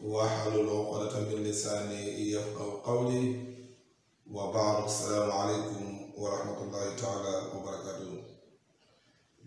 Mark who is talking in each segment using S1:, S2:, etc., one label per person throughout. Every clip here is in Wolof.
S1: wahlul uqdatan min lisaani yafqahu qawli wa ba'du assalaamu aleykum wa rahmatullahi taala wa barakatuhu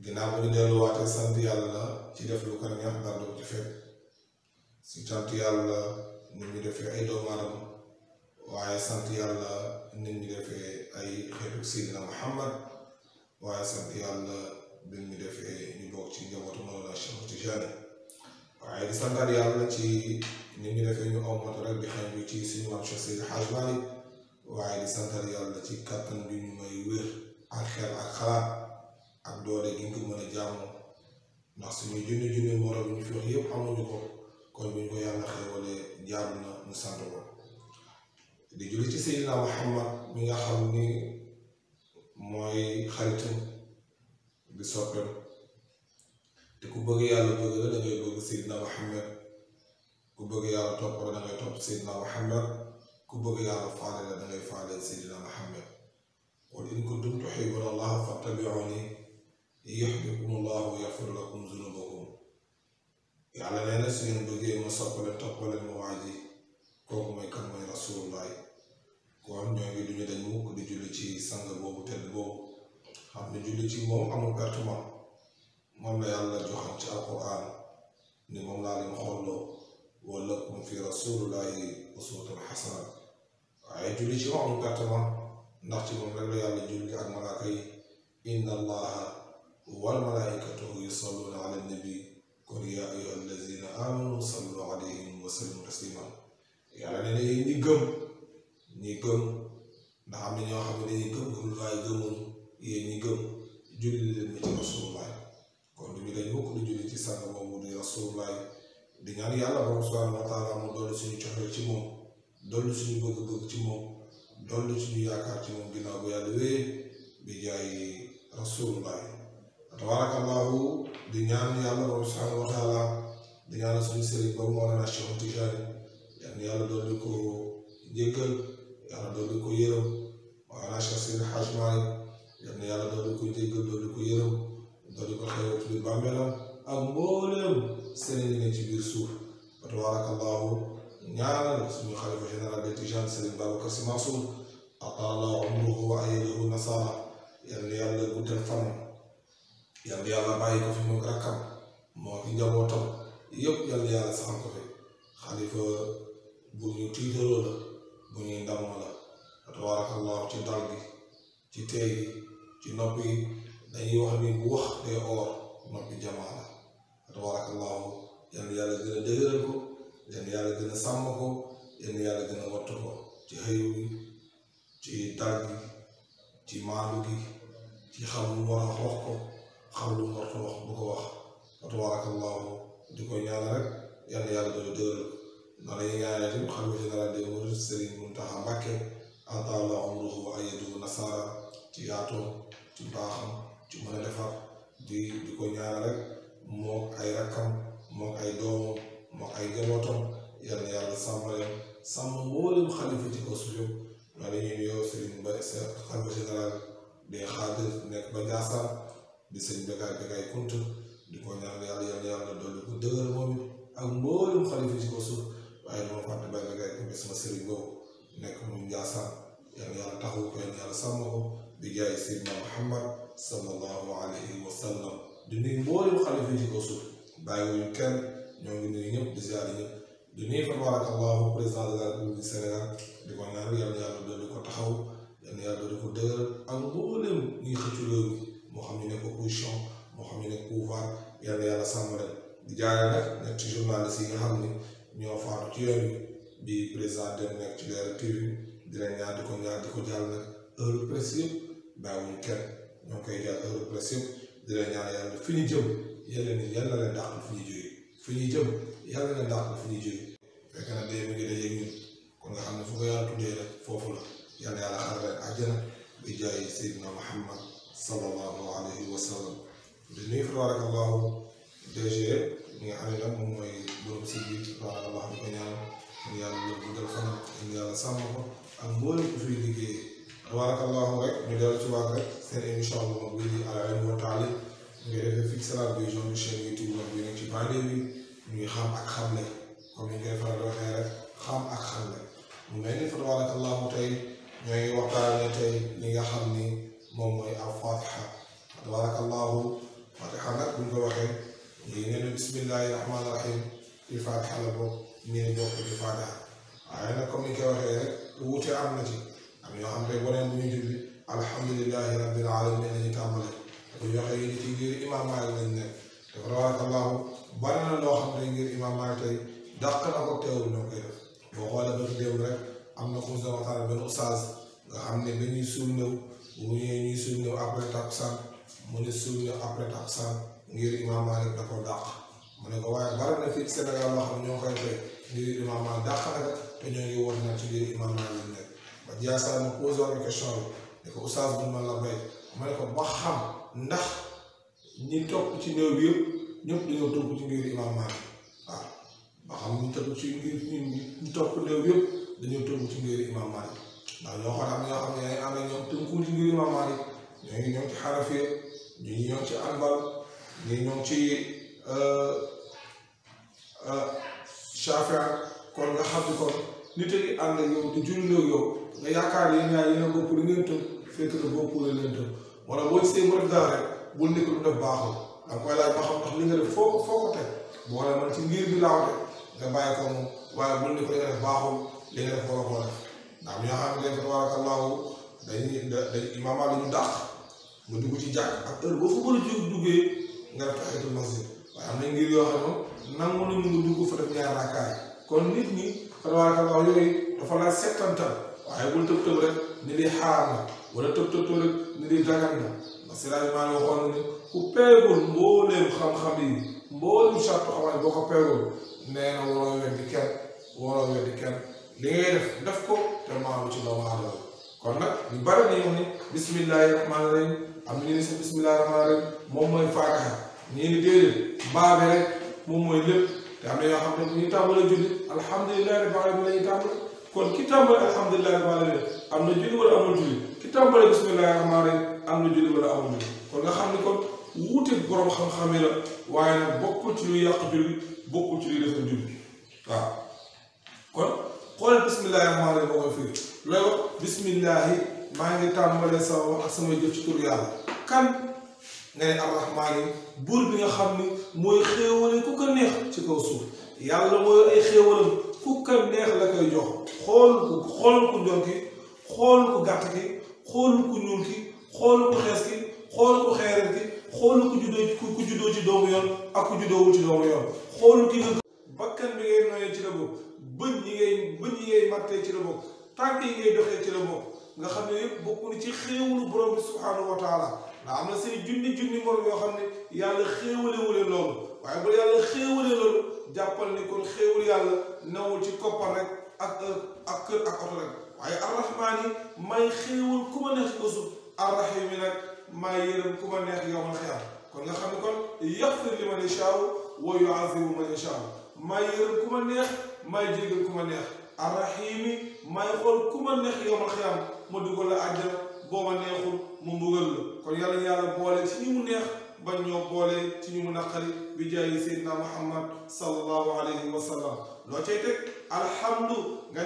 S1: ginnaaw bu ñu delluwaate sant yàlla ci def lu ko neex dara du si sant yàlla ni ñu defee ay doomu aadama waaye sant ni ñu defee ay xeetu sidina Muhammad waaye sant yàlla bi ñu defee ñu bokk ci njabootu Mawlana Cheikh Tijani waaye di santaat yàlla ci ni ñu defee ñu aw moto bi xam ñu ci suñu maam Cheikh Seydi Hadj Malick waaye di santaat yàlla ci kàttan bi ñu may wér ak xel ak xalaat ak doole gi ñu ko mën a jaamoo ndax suñu junni junni morom ñu fi wax yëpp ko kon bu ñu ko yàlla xewalee jaamu mu sant ko di julli ci Seydina Muhammad mi nga xam ni mooy xaritam di soppeem te ku bëgg yàlla bëgg la da ngay bëgg Seydina Muhammad ku bëgg yàlla topp la topp Seydina Muhammad ku bëgg yàlla la da ngay faale Seydina Muhammad qul in kuntum tuhibbuna Allah fattabi'uni yuhbibkum Allah wa yaghfir lakum dhunubakum yàlla nee na su ngeen bëggee topp leen ma waa ji kooku mooy kan mooy Rasulullah kon ñoo ngi duñu dañ mukk di julli ci sang boobu tedd boobu xam ne julli ci moom la yàlla joxoon ci alquran ni moom laa leen xolloo wala fi rasulillahi uswatul xasana waaye julli ci moom gàttama ndax ci moom rek la yàlla julli ak inna allaha wal malaikatahu yusalluna ala nabi kon yaa ayuha wa sallimu taslima yàlla nee na yéen ñi gëm ñi gëm ndax na ñoo xam ne dañuy gëm gëm waaye gëmuñu yéen ñi gëm julli leen ma bi dañ bokk di julli ci sàng moomu di rasulullah di ñaan yàlla borom subhanahu wa taala mu dolli suñu coxee ci moom dolli suñu bëgg-bëgg ci moom dolli suñu yaakaar ci moom ginnaaw bu yàlla wéyee bi jaay rasulullah tabarakallahu di ñaan yàlla borom subhanahu wa taala di ñaan suñu sëriñ ba Mawlana Cheikh Tidiane yàlla yàlla dolli ko jéggal yàlla dolli ko yërëm Mawlana Cheikh Seydi Hadj Malick yàlla yàlla dolli ko jéggal dolli ko yërëm te di ko xew ci biir bàmmeelam ak mbooleem sëriñ yi ne ci biir suuf wa tabaarakallaahu ñaanal suñu xalifa général de Tijaan Sëriñ Babacar Sy Mansour ataala umruhu wa ayyadahu nasara yal na yàlla guddal fanam yal na yàlla bàyyi ko fi mu rakkam moo ki yëpp yal na yàlla ko fi xalifa bu ñu tiitaloo la bu ñuy ndamoo tabaarakallaahu ci dal ci tey ci nopp dañuy wax ni bu wax day oor noppi jamaa la tabaarakallaahu yal yàlla gën a dëgëral ko yal yàlla gën a sàmm ko yàlla gën a wattu ci xëyu gi ci tàgg ci maandu ci xam lu war wax ko xam bu ko wax tabaarakallaahu di ko ñaan rek yal yàlla gën a dëgëral ko noonu yi nga xam ne xalifa général des mourides wa ayyadahu nasara ci yaatoom ci mbaaxam ci mën a defar di di ko ñaanal rek moo ay rakkam moo ay doomam moo ay njabootam yal na sama boobu di jaay Seydina Muhammad sallallahu alayhi wa sallam di nuyu mboolem xalifa ci kaw suuf bàyyiwuñu kenn ñoo ngi nuyu ñëpp di ziare ñëpp di nuyu tabarakallahu président de la République du Sénégal di ko naan yàlla yàlla doon di ko taxaw ko dëgëral ak moo xam ñu nekk opposition moo xam ñu nekk pouvoir yàlla yàlla sàmm rek di jaare nag ñetti journaliste ni ñoo faatu ci bi bi président dem nekk ci Leral TV di leen ñaar di ko ñaar di ko jàll nag heure presse yëpp bàyyiwuñu kenn ñoo koy jàll heure presse yëpp di la ñaan yàlla fi jëm yàlla ni yàlla na dàq fi ñu jógee fi jëm yàlla na dàq fi ñu jógee fekk na dee ne fu ko yàlla bi jaay Seydina Muhammad sallallahu alayhi wa sallam di nuyu tabarakallahu DG mi nga xam ne nag moom si biir tabarakallahu ko ñaan yàlla guddal fanam yàlla sàmm ko ak tabarakallahu rek ñu dellu ci waat rek seen émission bii di Al Hilm wa Taalim nga defee fii Salam Vision bi chaîne YouTube mag bi nekk ci pandémie bi ñuy xam ak xamle comme ni ñu koy faral di xam ak xamle mu mel ni fa tabarakallahu tey ñoo ngi waxtaane tey li ni moom mooy al fatiha tabarakallahu fatiha nag bu ñu ko waxee yi nee na bismillahi rahmaani rahim di la am na am yoo xam ne waneen bu ñu jubli alhamdulilahi rabbil alamin lañu tàmbale bu ñu waxee te ko ñoo koy ba déew rek ngir imam Maalik da ko dàq mu ne ko waaye bari na fii Sénégal loo xam ñoo koy ngi woote na ci ngir imam Maalik Ndiassane ma posé woon question bi ne ko oustaz bu ma la béy ma ne ko ba xam ndax ñi topp ci néew bi yëpp ci ngir Imam Malik waaw ba xam ñu topp ci ngir ñu topp néew yëpp dañoo ci ngir Imam Malik ndax ñoo xam am ñoom tënkuwul ci ngir Imam Malik ñoo ngi ñoom ci xarafe ñu ñoom ci anbal ñu ñoom ci euh, euh, Shafia kon nga xam kon. nit yi ànd ak yow di julli yow nga yaakaar yéen ñaar yéen a bopp lu ngeen tënk fekk na mu def dara rek bul nekk lu def baaxul da koy laaj ba xam ndax foo ko foo ko teg boo la man ci ngir bi laaw teg moom waaye nga def baaxul li nga def war a ko a jóg na kon nit ñi tabarakallah yooyu dafa laaj settantal waaye bul tëb tëb rek ni li xaar na wala tëb tëb rek ni li dagan na parce que daal maa ngi ni ku peegul mbooleem xam-xam yi mbooleem sartu xamal boo ko peegul nee na waroo weddi kenn waroo kenn li ngay def def ko te maamu ci doomu aadama kon nag ñu bari nañu wax ni bismillahi rahmaani rek moom mooy lépp te am na yoo xam ne ñu tàmbale julli alhamdulilah am na julli wala amul julli ki tàmbale bismillahi am na julli wala amul julli kon nga xam ne kon wuute borom xam-xam yi la waaye nag bokkul ci luy yàq julli bokkul ci luy defal julli waaw kon xoolal bismillahi rahmaan rahim moo koy firi bismillahi maa ngi tàmbale sama wax ak sama jëf ci yàlla kan nga ne arrahmaani buur bi nga xam ni mooy xéewale ku ko neex ci kaw suuf yàlla mooy ay xéewalam ku ko neex la koy jox xool ku xool ku xool ku gàtt ki xool ku ñuul ki xool ku xees xool ku xool ku juddoo ku juddoo ci doomu yoon ak ku juddoowul ci doomu yoon xool ki nga bakkan bi ngay noyee ci la bokk bëñ yi bëñ yi ngay ci la bokk tànk yi ngay doxee ci la bokk nga xam ne yëpp bokk ni ci xéewalu borom bi subhaanahu wa ndax am na seen junni junni morom yoo xam ne yàlla xéewale wule loolu waaye bu yàlla xéewale loolu jàppal ni kon xéewal yàlla nawul ci koppar rek ak ak kër ak oto rek waaye arrahmaan may xéewal ku ma neex ko suuf arrahim yi may yërëm ku ma neex may yërëm ku ma neex may may xool ku ma neex yow ma xiyam ma la àjjana booba neexul mu mbugal la kon yàlla yàlla boole ci ñu mu neex ba ñoo boole ci ñu mu naqari bi jaayi seydina muhammad sallallahu alayhi wa sallam loo cay teg alhamdu nga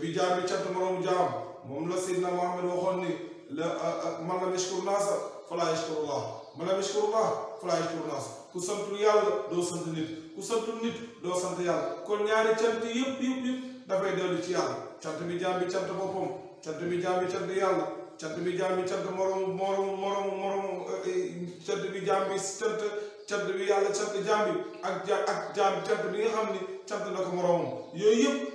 S1: bi jaam bi cant moromu jaam moom la seydina muhammad waxoon ni la man lam ku santu yàlla doo sant nit ku santu nit doo sant yàlla kon ñaari cant yëpp yëpp yëpp dafay dellu ci yàlla cant bi jaam bi cant boppam bi jaam bi cant yàlla cant bi yàlla cant jaam ak ja ak jaam cant bi nga xam ni cant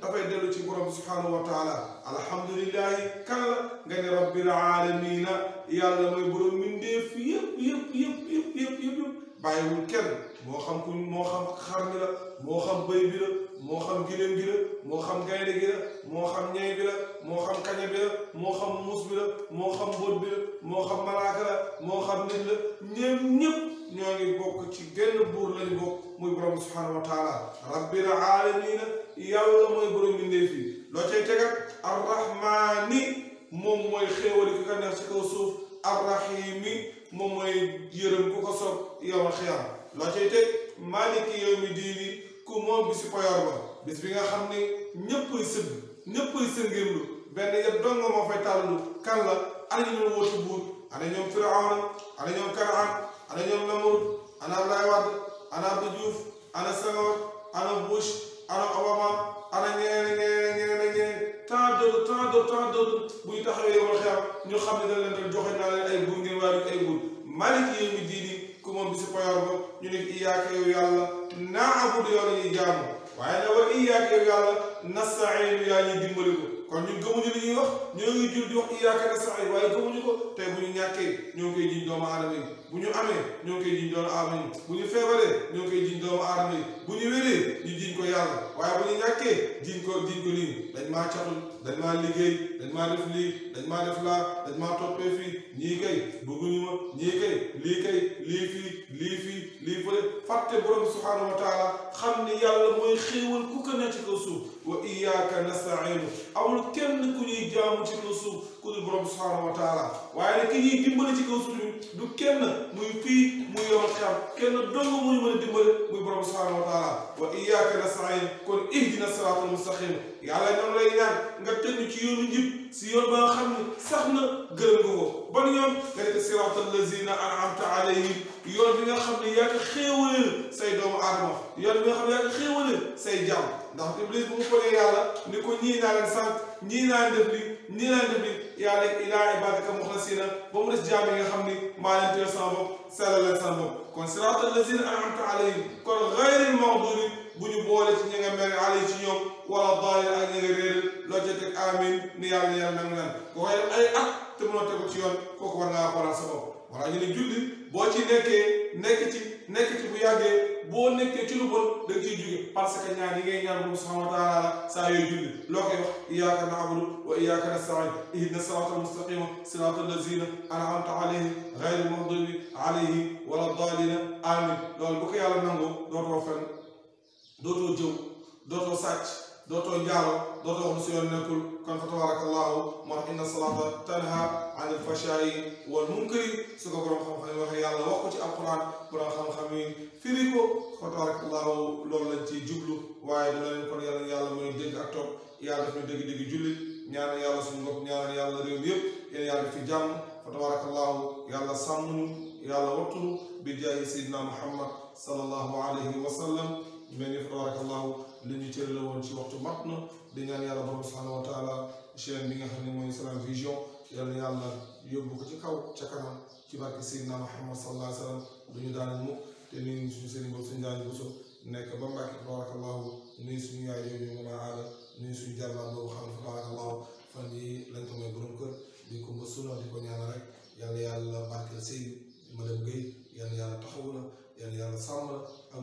S1: dafay dellu ci borom subhaanahu wa taala alhamdulilahi kan nga ne rabbil alamina yàlla mooy borom mbindeef yëpp yëpp yëpp yëpp yëpp yëpp bàyyiwul kenn moo xam ku moo xam xar mi moo xam bëy bi moo xam giléem gi moo xam gaynde gi moo xam ñay bi moo xam kaña bi moo xam muus bi moo xam mbóot bi moo xam malaaka moo xam nit la ñépp ñépp ñoo ngi bokk ci genn buur lañu bokk mu borom subhaanahu wa taala rabbil aalamiina yàlla mooy borom bindee fii loo cay tegat arrahmaani moom mooy xéewali ki ka neex ci kaw suuf arrahimi moom mooy yërëm ku ko soob yow a loo cay teg maaliki yow mi diini ku moom bi si payoor ba bis nga xam ne ñëppay sëgg ñëppay sëngirlu benn yëpp dong moo fay tàllalu kan la ana ñu wóotu buur ana ñoom firawna ana ñoom kanaan ana ñoom lamur ana Abdoulaye Wade ana Abdou Diouf ana Senghor ana Bush ana Obama ana ñeneen ñeneen ñeneen ñeneen tant de tant de tant de bu ñu taxawee wala xeer ñu xam ne dañ leen doon joxe naa leen ay buur ngeen waaye ay buur malik yi mu diini ku moom si payoor ba ñu ne iyaaka yow yàlla naa abudu yow la ñuy jaamu waaye nag wa iyaaka yow yàlla nasta'iinu yaa ñuy dimbali ko kon ñu gëmuñu li ñuy wax ñoo ngi jul di wax waaye gëmuñu ko tey bu ñu ñàkkee ñoo koy jiñ doomu aadama bu ñu amee ñoo ngi koy jiñ doomu aadama bu ñu feebaree ñoo ngi koy jiñ bu ñu wéree ñu jiñ ko yàlla waaye bu ñu ñàkkee jiñ ko jiñ ko nii dañ maa catul dañ maa liggéey dañ maa def lii maa def laa maa toppee ñii kay bëgguñu ma ñii kay lii kay lii fii lii fii atte borom subhaanahu wa taala xam ni yàlla mooy xéewal ku ko ne ci kaw suuf wa iyaaka nastainu amul kenn ku ñuy jaamu ci kaw suuf ku dul borom subhaanahu wa taala waaye nag ki ñuy dimbali ci kaw suuf du kenn muy fii muy yomal xam kenn dong muy mën a dimbali muy borom subhaanahu wa taala wa iyaaka nastain kon ihdina siraatal mustaqim yàlla ñoom lay ñaan nga teg ñu ci yoonu njib si yoon ba nga xam ne sax na gërëm nga ko ban yoon nga nekk siraat allazina an'amta alayhim yoon bi nga xam ne yaa ngi xéewaleel say doomu aadama yoon bi nga xam ne yaa ngi xéewaleel say jàmm ndax iblis bu mu paree yàlla ni ko ñii naa leen sant ñii naa leen def li ñii naa leen def li yàlla ilaa ibadaka muxlasina ba mu des jaam yi nga xam ni maa leen teel sama bopp sellal leen sama bopp kon siraat allazina an'amta alayhim kon bu ñu boole ci ñi nga mere ci ñoom wala daal ak ñi nga réer loo ca ni yàlla yàlla nangu naan ko koy def ay at te mënoo ci yoon kooku war ngaa xoolal sa bopp wala ñu ne julli boo ci nekkee nekk ci nekk ci bu yàggee boo nekkee ci lu bon da nga ciy jóge parce que ñaan yi ngay ñaan borom subhanahu wa taala la saa julli loo koy wax wa iyyaka nasta'in ihdina siraatal mustaqima siraatal lazina an'amta alayhim ghayril maghdubi alayhim wala daalliin amin loolu bu ko dootoo jëw dootoo sàcc dootoo njaalo dootoo wax lu si yoon nekkul kon fa tabarakallahu moo tax inna salaata tanha an alfashaayi wal munkari su ko borom xam-xam yi waxee ci alquran borom xam-xam yi firi ko fa tabarakallahu loolu lañ jublu waaye dina leen kon yàlla yàlla mooy dégg ak toog yàlla def ñu dégg-dégg jullit ñaanal fi jàmm fa tabarakallahu yàlla sàmm nu yàlla wattu bi jaayi muhammad sallallahu alayhi wa mel ni tabarakallahu li ñu cëri la woon ci waxtu mat na di ñaan yàlla borom subhanahu wa taala chaîne bi nga xam ne mooy Salam Vision yàlla yàlla yóbbu ko ci kaw ca kanam ci barke Seydina Muhammad sallallahu alayhi wa sallam duñu daanal mu te nii suñu sëriñ boobu suñu daan boso nekk ba Mbàkke tabarakallahu nii suñu yaay yooyu mën a aada nii suñu jàllaan boobu xam ne tabarakallahu fan yi lañ ko may borom kër di ko mba suna di ko ñaan rek yàlla yàlla barkeel sëy madame Guèye yàlla yàlla taxaw na yàlla yàlla sàmm na ak